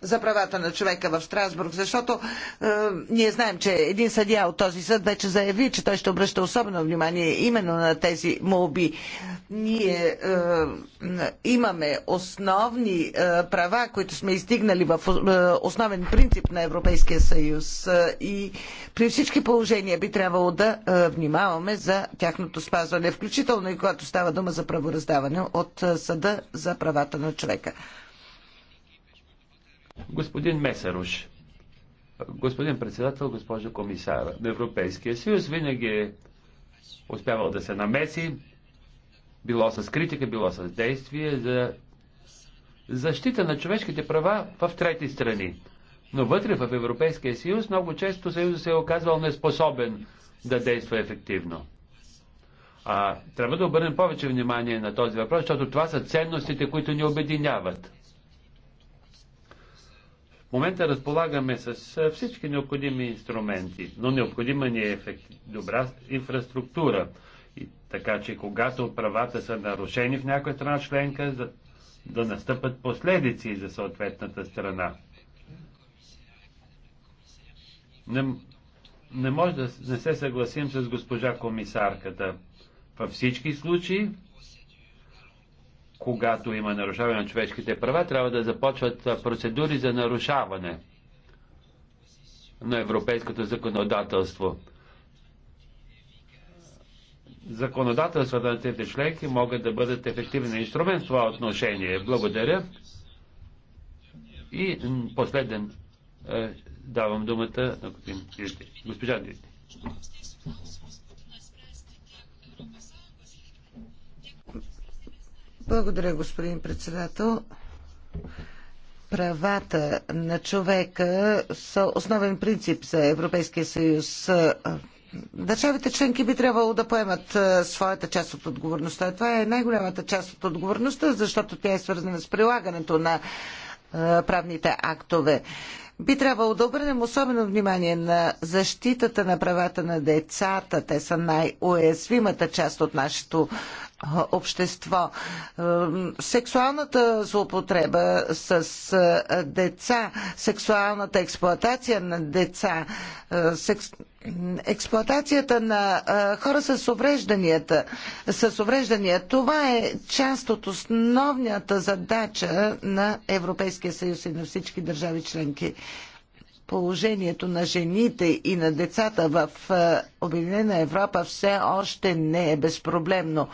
за правата на човека в Страсбург, защото е, ние знаем, че един съдия от този съд вече заяви, че той ще обръща особено внимание именно на тези молби. Ние е, имаме основни е, права, които сме издигнали в е, основен принцип на Европейския съюз е, и при всички положения би трябвало да е, внимаваме за тяхното спазване, включително и когато става дума за правораздаване от е, съда за правата на човека. Господин Месаруш, господин председател, госпожо комисар на Европейския съюз винаги е успявал да се намеси, било с критика, било с действие за защита на човешките права в трети страни. Но вътре в Европейския съюз много често съюзът се е оказвал неспособен да действа ефективно. А, трябва да обърнем повече внимание на този въпрос, защото това са ценностите, които ни обединяват. В момента разполагаме с всички необходими инструменти, но необходима ни е ефект, добра инфраструктура. И така че когато правата са нарушени в някоя страна членка, за, да настъпат последици за съответната страна. Не, не може да не се съгласим с госпожа комисарката. Във всички случаи когато има нарушаване на човешките права, трябва да започват процедури за нарушаване на европейското законодателство. Законодателствата на тези членки могат да бъдат ефективен инструмент в това отношение. Благодаря. И последен е, давам думата на господин Госпожа Дити. Благодаря, господин председател. Правата на човека са основен принцип за Европейския съюз. Държавите членки би трябвало да поемат своята част от отговорността. Това е най-голямата част от отговорността, защото тя е свързана с прилагането на правните актове. Би трябвало да обърнем особено внимание на защитата на правата на децата. Те са най-уязвимата част от нашето общество. Сексуалната злоупотреба с деца, сексуалната експлоатация на деца, секс експлоатацията на хора с уврежданията, с увреждания. Това е част от основната задача на Европейския съюз и на всички държави членки. Положението на жените и на децата в Обединена Европа все още не е безпроблемно.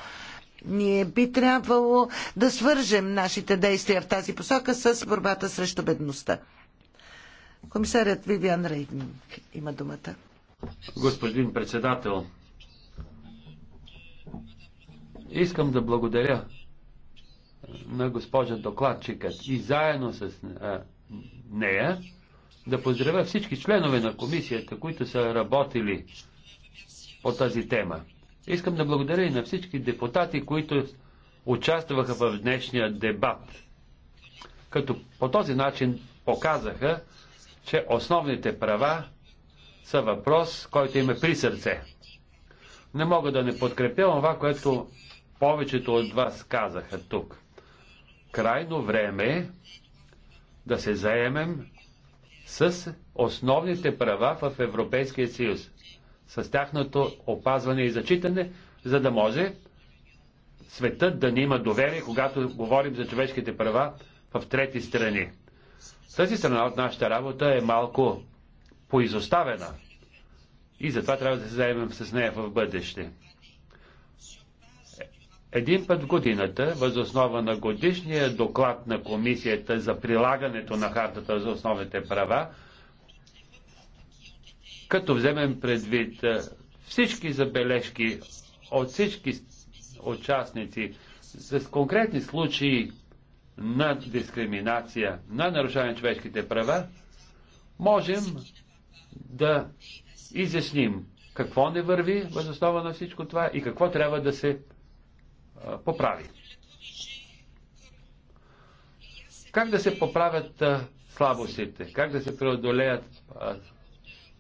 Ние би трябвало да свържем нашите действия в тази посока с борбата срещу бедността. Комисарят Вивиан Рейдинг има думата. Господин председател, искам да благодаря на госпожа докладчикът и заедно с нея да поздравя всички членове на комисията, които са работили по тази тема. Искам да благодаря и на всички депутати, които участваха в днешния дебат, като по този начин показаха, че основните права са въпрос, който им е при сърце. Не мога да не подкрепя това, което повечето от вас казаха тук. Крайно време е да се заемем с основните права в Европейския съюз, с тяхното опазване и зачитане, за да може светът да ни има доверие, когато говорим за човешките права в трети страни. Тази страна от нашата работа е малко поизоставена. И затова трябва да се заемем с нея в бъдеще. Един път в годината, възоснова на годишния доклад на Комисията за прилагането на Хартата за основните права, като вземем предвид е, всички забележки от всички участници с конкретни случаи на дискриминация, на нарушаване на човешките права, можем да изясним какво не върви възоснова на всичко това и какво трябва да се поправи. Как да се поправят слабостите? Как да се преодолеят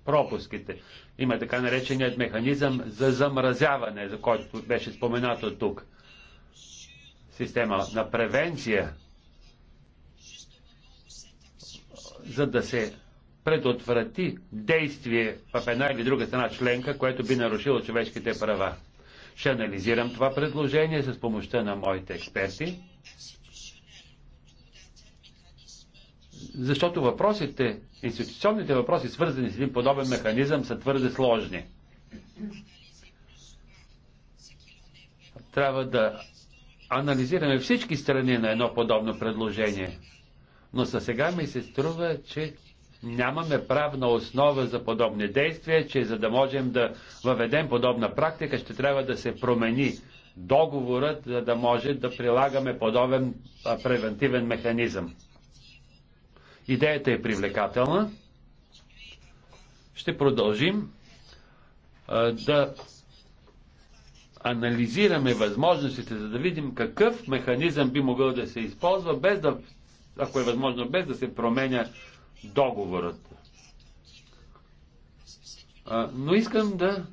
пропуските? Има така нареченият механизъм за замразяване, за който беше споменато тук. Система на превенция, за да се предотврати действие в една или друга страна членка, което би нарушило човешките права. Ще анализирам това предложение с помощта на моите експерти, защото въпросите, институционните въпроси, свързани с един подобен механизъм, са твърде сложни. Трябва да анализираме всички страни на едно подобно предложение. Но със сега ми се струва, че нямаме правна основа за подобни действия, че за да можем да въведем подобна практика, ще трябва да се промени договорът, за да може да прилагаме подобен превентивен механизъм. Идеята е привлекателна. Ще продължим да анализираме възможностите, за да видим какъв механизъм би могъл да се използва, без да, ако е възможно, без да се променя договорът. Но искам да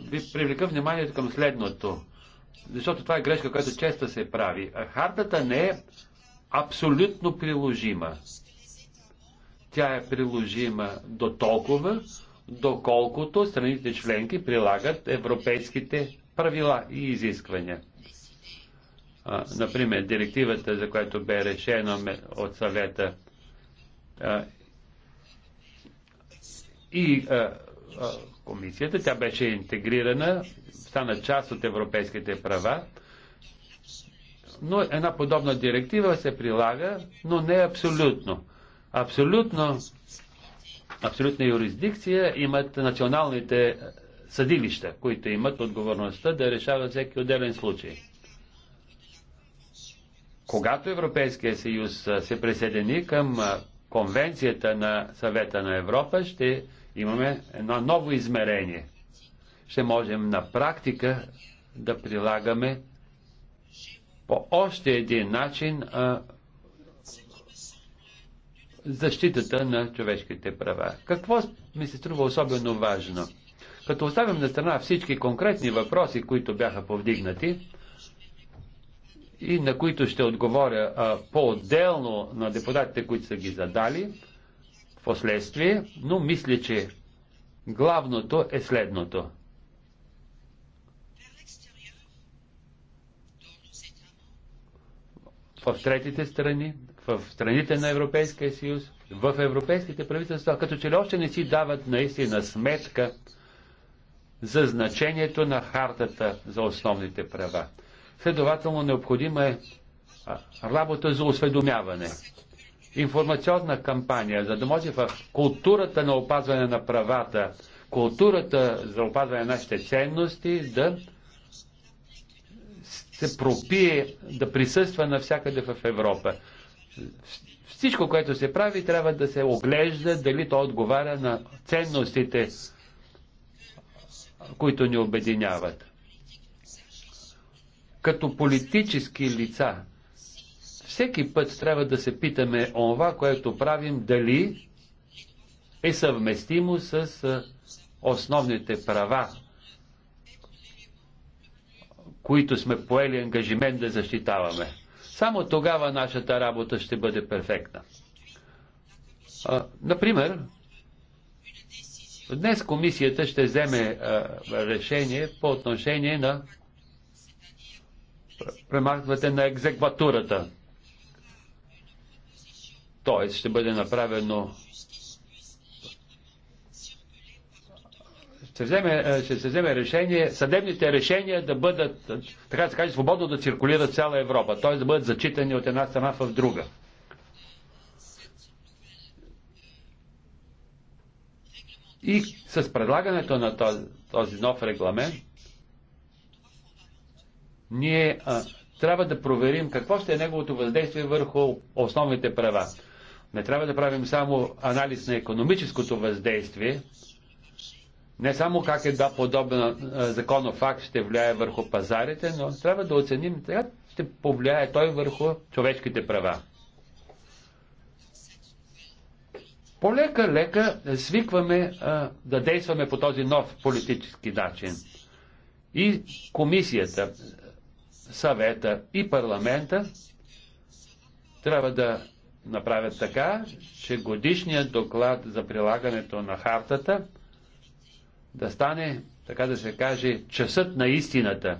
ви привлека вниманието към следното, защото това е грешка, която често се прави. Хартата не е абсолютно приложима. Тя е приложима до толкова, доколкото страните членки прилагат европейските правила и изисквания. А, например, директивата, за която бе решено от съвета и комисията, тя беше интегрирана, стана част от европейските права, но една подобна директива се прилага, но не абсолютно. Абсолютно, абсолютна юрисдикция имат националните съдилища, които имат отговорността да решават всеки отделен случай. Когато Европейския съюз се присъедини към конвенцията на съвета на Европа ще имаме едно ново измерение. Ще можем на практика да прилагаме по още един начин а, защитата на човешките права. Какво ми се струва особено важно? Като оставим на страна всички конкретни въпроси, които бяха повдигнати, и на които ще отговоря по-отделно на депутатите, които са ги задали в последствие, но мисля, че главното е следното. В третите страни, в страните на Европейския съюз, в европейските правителства, като че ли още не си дават наистина сметка за значението на хартата за основните права. Следователно необходима е работа за осведомяване. Информационна кампания, за да може в културата на опазване на правата, културата за опазване на нашите ценности да се пропие, да присъства навсякъде в Европа. Всичко, което се прави, трябва да се оглежда дали то отговаря на ценностите, които ни обединяват като политически лица. Всеки път трябва да се питаме онова, което правим, дали е съвместимо с основните права, които сме поели ангажимент да защитаваме. Само тогава нашата работа ще бъде перфектна. А, например, днес комисията ще вземе а, решение по отношение на премахвате на екзекватурата. Тоест ще бъде направено ще, вземе, е, ще се вземе решение, съдебните решения да бъдат, така да се каже, свободно да циркулират цяла Европа, Тоест да бъдат зачитани от една страна в друга. И с предлагането на този, този нов регламент ние а, трябва да проверим какво ще е неговото въздействие върху основните права. Не трябва да правим само анализ на економическото въздействие, не само как е да подобен законов факт ще влияе върху пазарите, но трябва да оценим как ще повлияе той върху човешките права. Полека-лека свикваме а, да действаме по този нов политически начин. И комисията съвета и парламента трябва да направят така, че годишният доклад за прилагането на хартата да стане, така да се каже, часът на истината,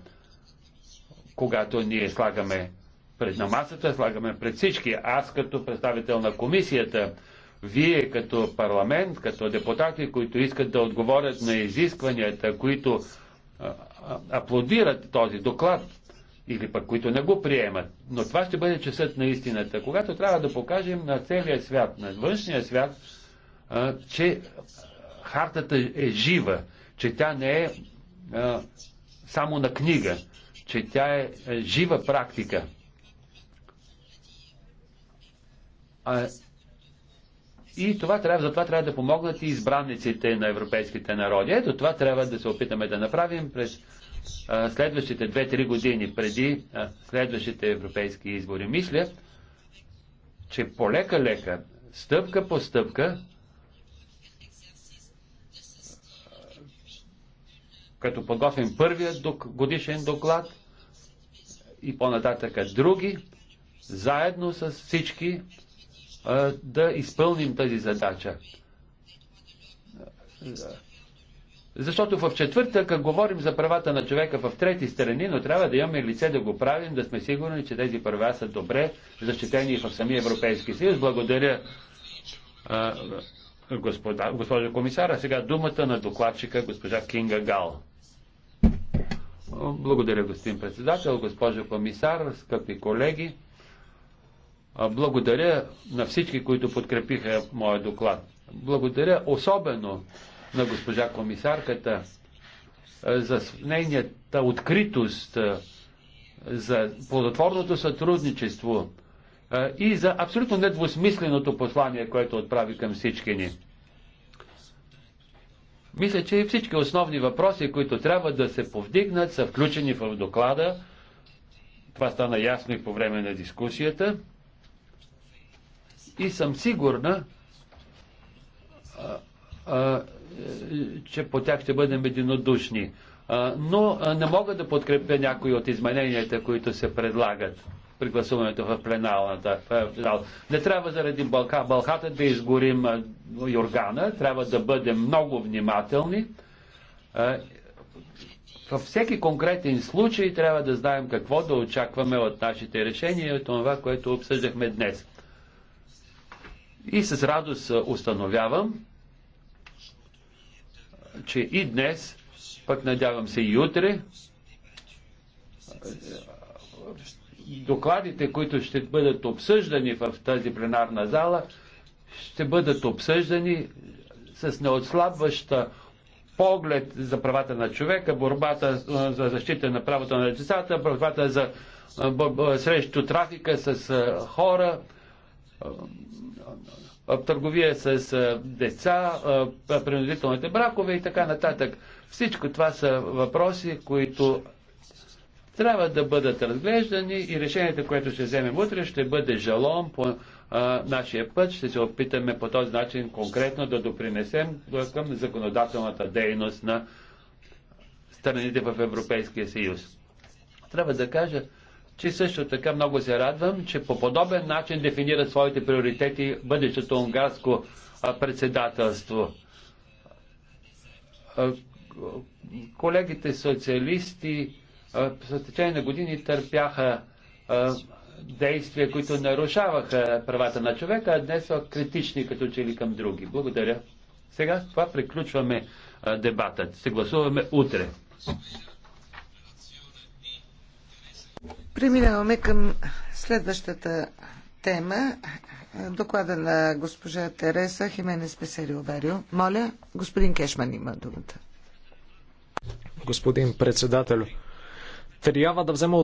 когато ние слагаме пред на масата, слагаме пред всички. Аз като представител на комисията, вие като парламент, като депутати, които искат да отговорят на изискванията, които аплодират този доклад, или пък които не го приемат. Но това ще бъде часът на истината, когато трябва да покажем на целия свят, на външния свят, а, че хартата е жива, че тя не е а, само на книга, че тя е, е жива практика. А, и това трябва, за това трябва да помогнат и избранниците на европейските народи. Ето това трябва да се опитаме да направим през следващите 2-3 години преди следващите европейски избори. Мисля, че полека-лека, стъпка по стъпка, като подготвим първия годишен доклад и по-нататъка други, заедно с всички да изпълним тази задача защото в четвъртък говорим за правата на човека в трети страни, но трябва да имаме лице да го правим, да сме сигурни, че тези права са добре защитени в самия Европейски съюз. Благодаря, господа, госпожа комисара. Сега думата на докладчика госпожа Кинга Гал. Благодаря, господин председател, госпожо комисар, скъпи колеги. Благодаря на всички, които подкрепиха моя доклад. Благодаря особено на госпожа комисарката е, за нейната откритост, е, за плодотворното сътрудничество е, и за абсолютно недвусмисленото послание, което отправи към всички ни. Мисля, че и всички основни въпроси, които трябва да се повдигнат, са включени в доклада. Това стана ясно и по време на дискусията. И съм сигурна, че по тях ще бъдем единодушни. Но не мога да подкрепя някои от измененията, които се предлагат при гласуването в пленалната Не трябва заради Балка, Балхата да изгорим Йоргана, трябва да бъдем много внимателни. Във всеки конкретен случай трябва да знаем какво да очакваме от нашите решения и от това, което обсъждахме днес. И с радост установявам, че и днес, пък надявам се и утре, докладите, които ще бъдат обсъждани в тази пленарна зала, ще бъдат обсъждани с неотслабваща поглед за правата на човека, борбата за защита на правото на децата, борбата за срещу трафика с хора, търговия с деца, принудителните бракове и така нататък. Всичко това са въпроси, които трябва да бъдат разглеждани и решението, което ще вземем утре, ще бъде жалом по а, нашия път. Ще се опитаме по този начин конкретно да допринесем към законодателната дейност на страните в Европейския съюз. Трябва да кажа, че също така много се радвам, че по подобен начин дефинира своите приоритети бъдещето унгарско председателство. Колегите социалисти с течение на години търпяха действия, които нарушаваха правата на човека, а днес са критични като че ли към други. Благодаря. Сега това приключваме дебатът. Се гласуваме утре. Преминаваме към следващата тема. Доклада на госпожа Тереса Хименес Песери Обарио. Моля, господин Кешман има думата. Господин председател, трябва да взема